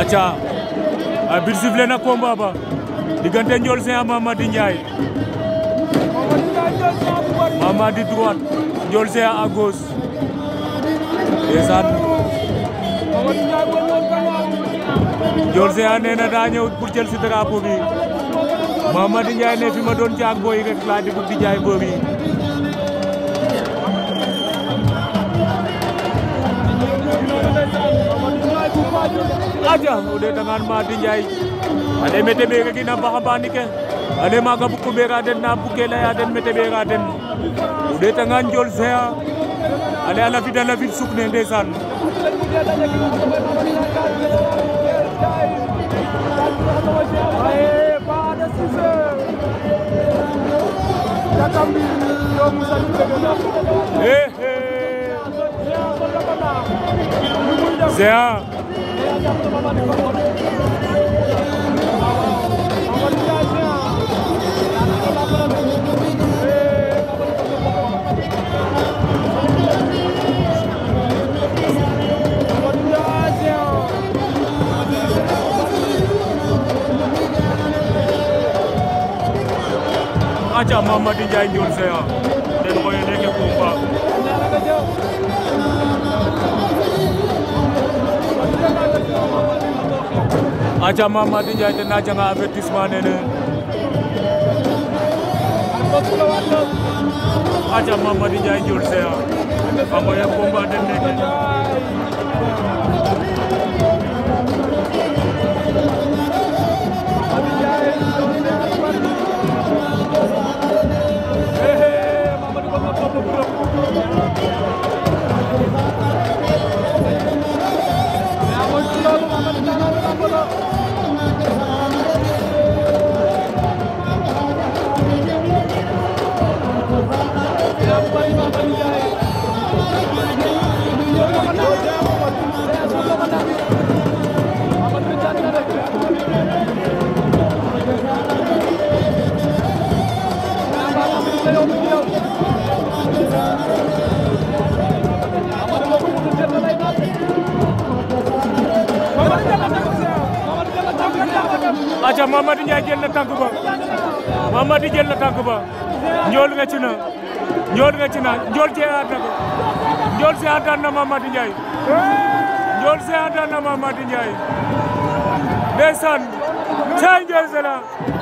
acca arbitre sifflé na combat ba diggante Ndiol Géant Mamady Ndiaye Mamady droite Ndiol Géant à gauche ndeysaan Ndiol Géant nee na daa ñëw pour jël si drapeau bi Mamady Ndiaye ne ma doon jaag booy rek laa di jaay mbër aja udah dengan madi jai ade mete bega gina baha bani ke ade maga buku bega den na buke la ade mete bega den udah dengan jol saya ade ala vida la vid sukne desan Eh, eh. aca Mamady Ndiaye Ndiol Géant den xoyene ke Koumba aca Mamady Ndiaye ten na janga avertissement nene aca Mamady Ndiaye Ndiol Seereer a ngoya aca Mamadou Ndiaye jël na tànk ba Mamadou jël na njool nga ci na njool nga ci na njool see àddana ko njool see àddana Mamadou Ndiaye njool see àddana Mamadou Ndiaye ndeysaan cay njool see